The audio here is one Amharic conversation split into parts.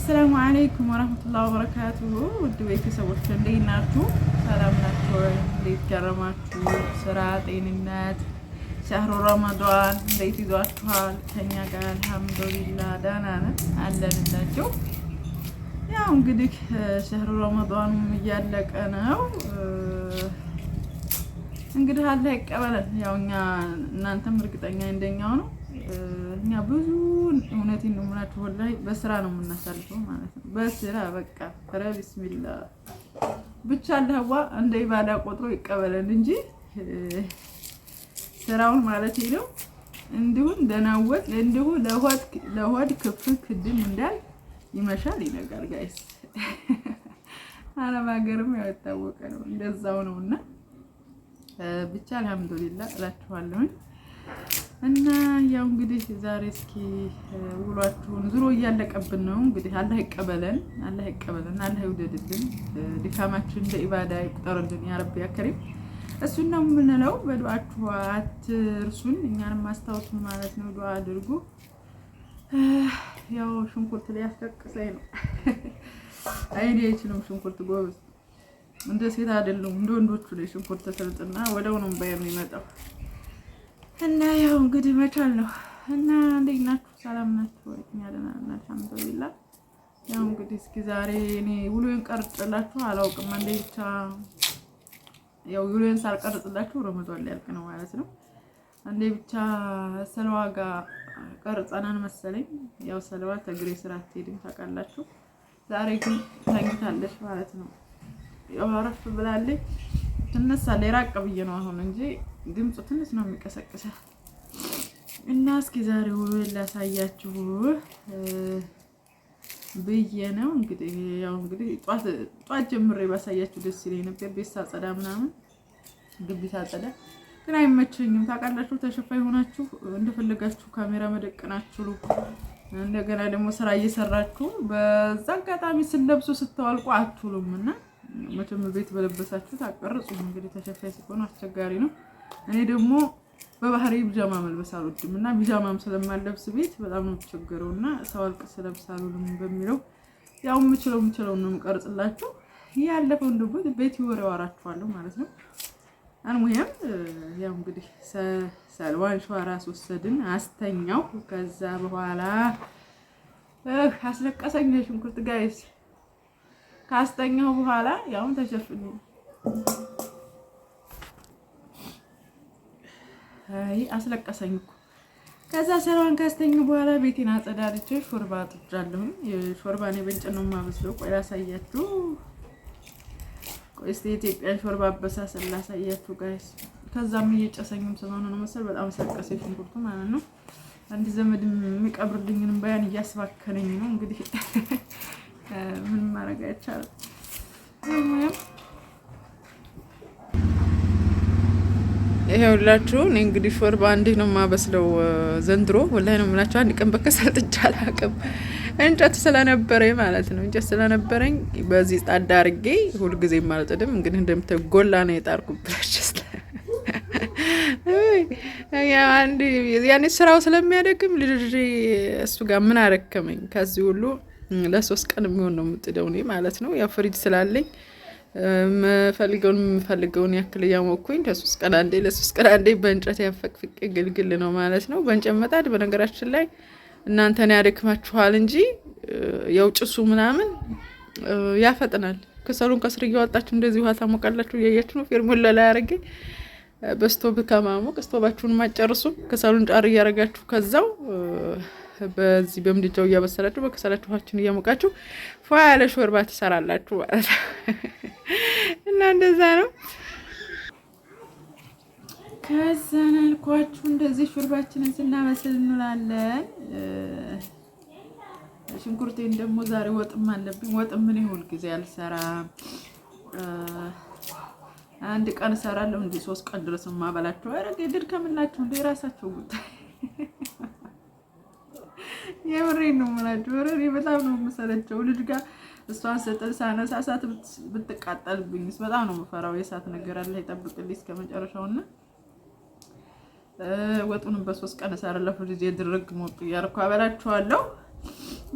አሰላሙ አለይኩም ወረህመቱላሂ ወበረካቱሁ ውድ ቤተሰቦች እንደት ናችሁ? ሰላም ናችሁ? እንዴት ገረማችሁ? ስራ፣ ጤንነት፣ ሻህሩ ረመዷን እንዴት ይዟችኋል? ከኛ ጋር አልሐምዱሊላህ ደህና ነን አለንላቸው። ያው እንግዲህ ሻህሩ ረመዷን እያለቀ ነው። እንግዲህ አላህ ይቀበለን። ያው እኛ እናንተም እርግጠኛ እንደኛው ነው እኛ ብዙ እውነቴን ነው የምላችሁ ወላሂ በስራ ነው የምናሳልፈው ማለት ነው። በስራ በቃ ኧረ ቢስሚላ ብቻ ለህዋ እንደ ኢባዳ ቆጥሮ ይቀበለን እንጂ ስራውን ማለት ነው። እንዲሁም ለናወት እንዲሁ ለሆድ ለሆድ ክፍ ክድም እንዳል ይመሻል ይነጋል። ጋይስ አረብ ሀገርም ያው የታወቀ ነው እንደዛው ነውና ብቻ አልሐምዱሊላህ እላችኋለሁኝ። እና ያው እንግዲህ ዛሬ እስኪ ውሏችሁን ዙሮ እያለቀብን ነው እንግዲህ አላህ ይቀበለን፣ አላህ ይቀበለን፣ አላህ ይውደድልን፣ ድካማችን እንደ ኢባዳ ይቁጠርልን ያረብ ያከሪም እሱን ነው የምንለው። በዱዓችሁ አትርሱን፣ እኛንም አስታውሱን ማለት ነው። ዱዓ አድርጉ። ያው ሽንኩርት ሊያስለቅሰኝ ነው። አይኔ አይችልም ሽንኩርት ጎበዝ፣ እንደ ሴት አይደለም እንደ ወንዶቹ ላይ ሽንኩርት ተሰልጥና ወደው ነው የሚመጣው እና ያው እንግዲህ መቻለሁ እና እንዴት ናችሁ? ሰላም ናችሁ ወይ? እኛ ደህና ነን አልሐምዱሊላህ። ያው እንግዲህ እስኪ ዛሬ እኔ ውሎዬን ቀርጬላችሁ አላውቅም። አንዴ ብቻ ያው ውሎዬን ሳልቀርጽላችሁ ረመዷን ሊያልቅ ነው ማለት ነው። እንዴ ብቻ ሰለዋጋ ቀርጸናን መሰለኝ። ያው ሰለዋ ተግሬ ስራ አትሄድም ታውቃላችሁ። ዛሬ ግን ተኝታለች ማለት ነው። ያው አረፍ ብላለች። ትነሳለች። ራቅ ብዬ ነው አሁን እንጂ ድምፁ ትንሽ ነው የሚቀሰቅሰ እና እስኪ ዛሬ ውል ላሳያችሁ ብዬ ነው። እንግዲህ ያው እንግዲህ ጧት ጧት ጀምሬ ባሳያችሁ ደስ ይለኝ ነበር። ቤት ሳጸዳ ምናምን ግቢ ሳጸዳ ግን አይመቸኝም። ታውቃላችሁ፣ ተሸፋይ ሆናችሁ እንደፈለጋችሁ ካሜራ መደቀናችሁ እንደገና ደግሞ ስራ እየሰራችሁ በዛ አጋጣሚ ስለብሱ ስተዋልቁ አትሉም እና መቼም ቤት በለበሳችሁ ታቀርጹም። እንግዲህ ተሸፋይ ሲሆኑ አስቸጋሪ ነው። እኔ ደግሞ በባህሪ ቢጃማ መልበስ አልወድም እና ቢጃማም ስለማለብስ ቤት በጣም ነው የምቸገረው እና ሰው አልቅ ስለብሳሉ በሚለው ያው የምችለው የምችለው ነው የምቀርጽላችሁ። ያለፈውን ደግሞ ቤት ይወር አወራችኋለሁ ማለት ነው። አንሙያም ያው እንግዲህ ሰልዋን ሸዋራ አስወሰድን፣ አስተኛው። ከዛ በኋላ አስለቀሰኝ ሽንኩርት ጋይስ። ካስተኛው በኋላ ያው ተሸፍኑ አስለቀሰኝ እኮ። ከዛ ስራዋን ካስተኝ በኋላ ቤቴን አጸዳድቼ ሾርባ አጥጃለሁ። ሾርባ ነው በእንጨት ነው የማበስለው። ቆይ ላሳያችሁ። ቆይ እስኪ የኢትዮጵያ ሾርባ አበሳሰል ላሳያችሁ ጋይስ። ከዛም እየጨሰኝም ስለሆነ ነው መሰል በጣም አስለቀሰ ሽንኩርቱ ማለት ነው። አንድ ዘመድ የሚቀብርልኝንም ባያን እያስባከነኝ ነው እንግዲህ ምን ማድረግ አይቻልም። ይሄውላችሁ እኔ እንግዲህ ሾርባ እንዴ ነው የማበስለው ዘንድሮ። ወላሂ ነው የምላችሁ፣ አንድ ቀን በከሰል ጥጄ አላውቅም። እንጨት ስለነበረኝ ማለት ነው። እንጨት ስለነበረኝ በዚህ ጣድ አድርጌ ሁልጊዜ አልጥድም። እንግዲህ እንደምታዩ ጎላ ነው የጣርኩብላች ያኔ ስራው ስለሚያደግም ልጅ እሱ ጋር ምን አረከመኝ። ከዚህ ሁሉ ለሶስት ቀን የሚሆን ነው የምጥደው እኔ ማለት ነው። ያው ፍሪጅ ስላለኝ መፈልገውን የምፈልገውን ያክል እያሞኩኝ ለሶስት ቀን አንዴ ለሶስት ቀን አንዴ በእንጨት ያፈቅፍቅ ግልግል ነው ማለት ነው። በእንጨት መጣድ በነገራችን ላይ እናንተን ያደክማችኋል እንጂ ያው ጭሱ ምናምን ያፈጥናል። ክሰሉን ከስር እያወጣችሁ እንደዚህ ውሃ ታሞቃላችሁ። እያያችሁ ነው። ፌርሙላ ላይ አረገኝ በስቶብ ከማሞቅ ስቶባችሁን ማጨርሱ ክሰሉን ጫር እያረጋችሁ ከዛው በዚህ በምድጃው እያበሰላችሁ በከሰላችሁ ውሃችሁን እያሞቃችሁ ፏ ያለ ሾርባ ትሰራላችሁ ማለት ነው። እና እንደዛ ነው። ከዛን አልኳችሁ እንደዚህ ሾርባችንን ስናበስል እንላለን። ሽንኩርቴን ደግሞ ዛሬ ወጥም አለብኝ። ወጥም ምን ይሁን ጊዜ አልሰራም። አንድ ቀን እሰራለሁ እንዲ ሶስት ቀን ድረስ ማበላችሁ። ኧረ ድድ ከምላችሁ እንደ የራሳቸው ጉዳይ የምሬን ነው የምላችሁ። ኧረ እኔ በጣም ነው የምሰለቸው ልጅ ጋር እሷን ስጥል ሳነሳ እሳት ብትቃጠልብኝስ በጣም ነው የምፈራው። የእሳት ነገር አለ ይጠብቅልኝ እስከ መጨረሻው እና ወጡንም በሶስት ቀን እሰራለሁ። ልጅ የድርግ ሞቅ እያልኩ አበላችኋለሁ።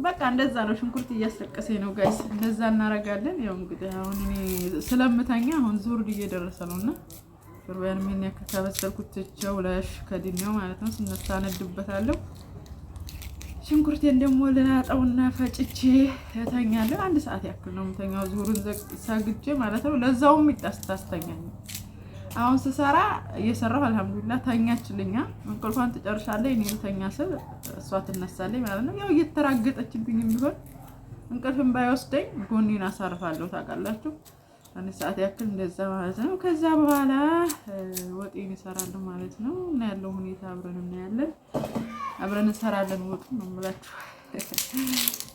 በቃ እንደዛ ነው። ሽንኩርት እያስለቀሰኝ ነው ጋይስ። እንደዛ እናረጋለን። ያው እንግዲህ አሁን እኔ ስለምተኛ አሁን ዙር እየደረሰ ነው እና ሾርባዬን ምን ያክል ካበሰልኩት ትቼው ለሽ ከድሜው ማለት ነው ስነሳ አነድበታለሁ። ሽንኩርቴን ደግሞ ልናጠውና ፈጭቼ እተኛለሁ። አንድ ሰዓት ያክል ነው የምተኛው፣ ዙሩን ሰግጄ ማለት ነው። ለዛውም ይጣስታስተኛኝ አሁን ስሰራ እየሰራሁ አልሐምዱሊላህ ተኛችልኛ። እንቅልፏን ትጨርሻለች፣ እኔ ልተኛ ስል እሷ ትነሳለች ማለት ነው። ያው እየተራገጠችብኝ ቢሆን እንቅልፍን ባይወስደኝ ጎኒን አሳርፋለሁ። ታውቃላችሁ፣ አንድ ሰዓት ያክል እንደዛ ማለት ነው። ከዛ በኋላ ወጤን ይሰራለሁ ማለት ነው እና ያለው ሁኔታ አብረን እናያለን። አብረን እንሰራለን ወጡ ነው የምላችሁ።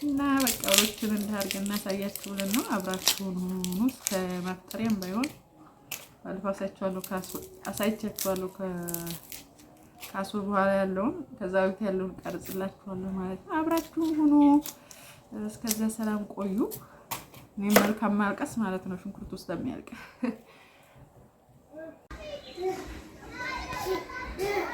እና በቃ ወሎችን እንዳርገን እናሳያችሁ ብለን ነው። አብራችሁን ሁኑ እስከ ማፍጠሪያም ባይሆን ባለፈው አሳይቻችኋለሁ፣ አሳይቻችኋለሁ ካሱ በኋላ ያለውን ከዛ በፊት ያለውን ቀርጽላችኋለሁ ማለት ነው። አብራችሁን ሁኑ። እስከዚያ ሰላም ቆዩ። እኔም መልካም ማልቀስ ማለት ነው፣ ሽንኩርት ውስጥ ስለሚያልቅ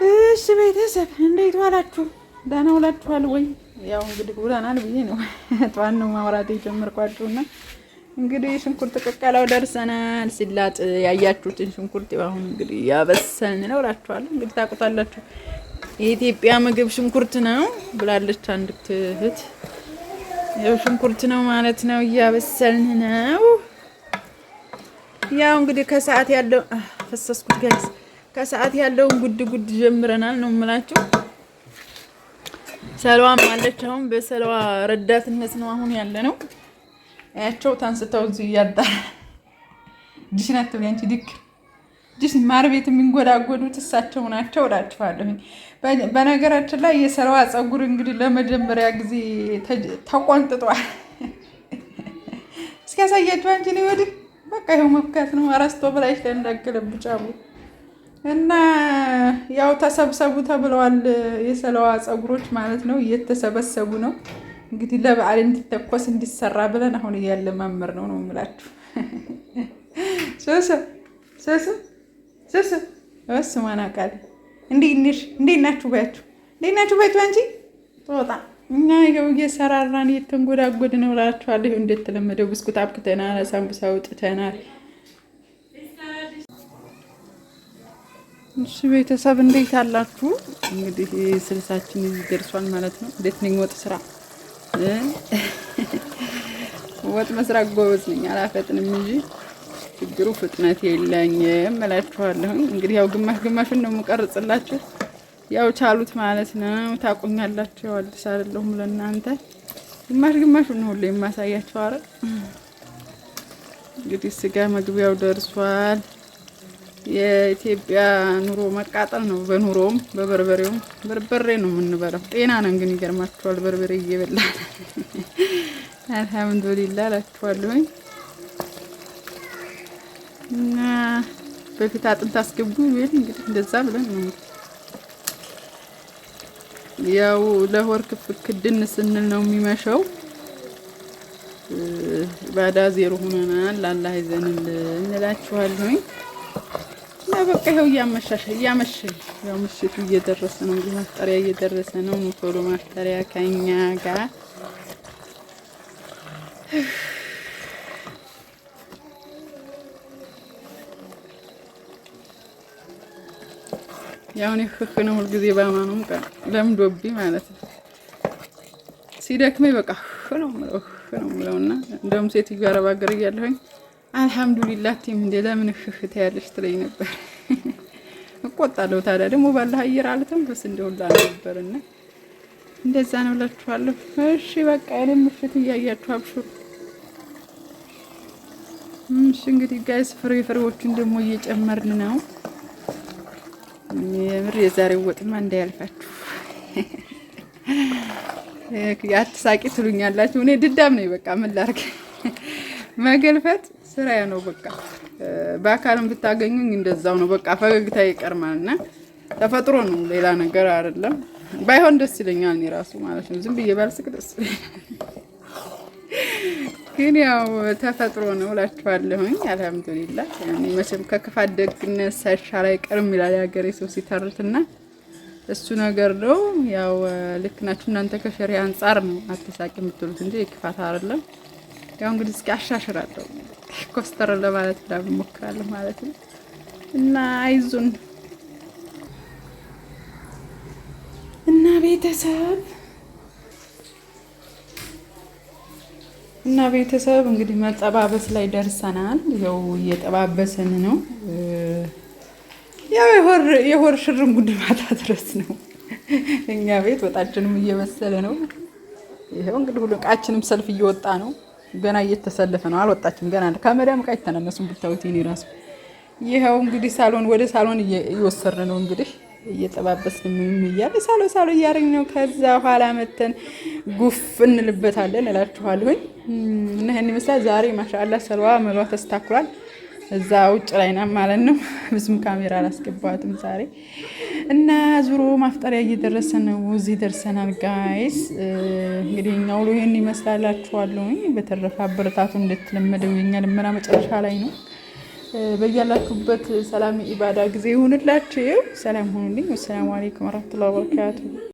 እሺ ቤተሰብ እንዴት ዋላችሁ? ደህና ውላችኋል ወይ? ያው እንግዲህ ውለናል ብዬ ነው ጠዋት ነው ማውራት የጀመርኳችሁና እንግዲህ ሽንኩርት ቅቀላው ደርሰናል። ሲላጥ ያያችሁትን ሽንኩርት አሁን እንግዲህ ያበሰልን ነው እላችኋለሁ። እንግዲህ ታውቁታላችሁ የኢትዮጵያ ምግብ ሽንኩርት ነው ብላለች አንዲት እህት። ያው ሽንኩርት ነው ማለት ነው፣ እያበሰልን ነው። ያው እንግዲህ ከሰዓት ያለው ፈሰስኩት ጋይስ ከሰዓት ያለውን ጉድ ጉድ ጀምረናል ነው የምላችሁ። ሰለዋም አለች። አሁን በሰለዋ ረዳትነት ነው አሁን ያለ ነው። ያቸው ታንስተው እዚህ እያጣ ዲሽ ናቸው ያንቺ ዲክ ዲሽ ማር ቤት የሚንጎዳጎዱት እሳቸው ናቸው እላችኋለሁ። በነገራችን ላይ የሰለዋ ፀጉር እንግዲህ ለመጀመሪያ ጊዜ ተቆንጥጧል። እስኪያሳያችሁ አንቺ ነው ወዲህ በቃ ይኸው መፍካት ነው። አራስቶ በላይ እንዳገለብጫ እና ያው ተሰብሰቡ ተብለዋል። የሰለዋ ፀጉሮች ማለት ነው እየተሰበሰቡ ነው። እንግዲህ ለበዓል እንዲተኮስ እንዲሰራ ብለን አሁን እያለ መምር ነው ነው የምላችሁ። ሶስ ማን አውቃል። እንዴት ነሽ? እንዴት ናችሁ? ባያችሁ እንዴት ናችሁ? ባያችሁ አንቺ ጦጣ እኛ ይኸው እየሰራራን እየተንጎዳጎድ ነው እላችኋለሁ። ይኸው እንደተለመደው ብስኩት አብክተናል፣ ሳምቡሳ አውጥተናል እሺ ቤተሰብ እንዴት አላችሁ? እንግዲህ ስልሳችን እዚህ ደርሷል ማለት ነው። እንዴት ነኝ? ወጥ ስራ ወጥ መስራት ጎበዝ ነኝ፣ አላፈጥንም እንጂ ችግሩ ፍጥነት የለኝም እላችኋለሁ። እንግዲህ ያው ግማሽ ግማሽን ነው የምቀርጽላችሁ፣ ያው ቻሉት ማለት ነው። ታቆኛላችሁ፣ አዲስ አይደለሁም ለእናንተ። ግማሽ ግማሹን ነው ሁሉ የማሳያችሁ። አረ እንግዲህ ስጋ መግቢያው ደርሷል። የኢትዮጵያ ኑሮ መቃጠል ነው። በኑሮውም በበርበሬውም በርበሬ ነው የምንበላው። ጤና ነን ግን ይገርማችኋል፣ በርበሬ እየበላ አልሐምዱሊላ እላችኋለሁኝ። እና በፊት አጥንት አስገቡ ይል እንግዲህ እንደዛ ብለን ነው ያው ለሆር ክፍ ክድን ስንል ነው የሚመሸው። ባዳ ዜሮ ሆነናል። አላህ ይዘንል እንላችኋለሁኝ። በቃ ይኸው እያመሻሽ እያመሸኝ ያው ምሽቱ እየደረሰ ነው። እንግዲህ ማፍጠሪያ እየደረሰ ነው። ቶሎ ማፍጠሪያ ከኛ ጋር ያሁን የክክ ነው። ሁልጊዜ ባማኑም ቀን ለምዶብኝ ማለት ነው። ሲደክመኝ በቃ ነው ነው ነው እና እንደውም ሴትዮ አረብ አገር እያለሁኝ አልሐምዱሊላህ ቲም እንደ ለምን እህት ያለሽ ትለኝ ነበር። እቆጣለሁ። ታዲያ ደግሞ ባለ አየር አልተንፈስ እንደውላ ነበርና እንደዛ ነው እላችኋለሁ። እሺ በቃ እኔም ምሽት እያያችሁ አብሽሩ። እሺ እንግዲህ ጋይስ ፍሬ ፍሬዎቹን ደግሞ እየጨመርን ነው። የምር የዛሬው ወጥማ እንዳያልፋችሁ። አትሳቂ ትሉኛላችሁ። እኔ ድዳም ነኝ። በቃ ምን ላድርግ መገልፈት ስራዬ ነው። በቃ በአካልም ብታገኙኝ እንደዛው ነው። በቃ ፈገግታ ይቀርማል እና ተፈጥሮ ነው፣ ሌላ ነገር አይደለም። ባይሆን ደስ ይለኛል እኔ ራሱ ማለት ነው። ዝም ብዬ ባልስቅ ደስ ይለኛል፣ ግን ያው ተፈጥሮ ነው እላችኋለሁኝ። አልሐምዱሊላህ ያኔ መቼም ከክፋት ደግነት ሳይሻል አይቀርም ይላል የሀገሬ ሰው ሲተርትና እሱ ነገር ነው። ያው ልክ ናችሁ እናንተ ከሸሪያ አንጻር ነው አትሳቂ የምትሉት እንጂ የክፋት አይደለም። ያው እንግዲህ እስኪ አሻሽራለሁ ኮስተር ለማለት ምናምን እሞክራለሁ ማለት ነው። እና አይዙን እና ቤተሰብ እና ቤተሰብ እንግዲህ መጠባበስ ላይ ደርሰናል። ያው እየጠባበስን ነው። ያው የሆር ሽርም ጉድ ማታ ድረስ ነው እኛ ቤት ወጣችንም እየበሰለ ነው። ይኸው እንግዲህ ሁሉ እቃችንም ሰልፍ እየወጣ ነው። ገና እየተሰለፈ ነው። አልወጣችም ገና ከመዳም ዕቃ አይተናነሱም ብታዩት የእኔ ራሱ ይኸው እንግዲህ ሳሎን ወደ ሳሎን እየወሰድን ነው እንግዲህ እየጠባበስን ምንም እያለ ሳሎ ሳሎ እያደረግን ነው። ከዛ ኋላ መተን ጉፍ እንልበታለን እላችኋለሁኝ። እና ይህን ይመስላል ዛሬ ማሻአላ ሰልዋ መሏ ተስተካክሏል። እዛ ውጭ ላይ ናም ማለት ነው። ብዙም ካሜራ አላስገባትም ዛሬ እና ዙሮ ማፍጠሪያ እየደረሰ ነው። እዚህ ደርሰናል ጋይስ። እንግዲህ እኛ ውሎ ይህን ይመስላላችኋለሁኝ። በተረፈ አበረታቱ እንደተለመደው የኛ ልመና መጨረሻ ላይ ነው። በያላችሁበት ሰላም ኢባዳ ጊዜ ይሁንላችሁ። ሰላም ሁኑልኝ። ወሰላሙ አሌይኩም ወረህመቱላሂ ወበረካቱ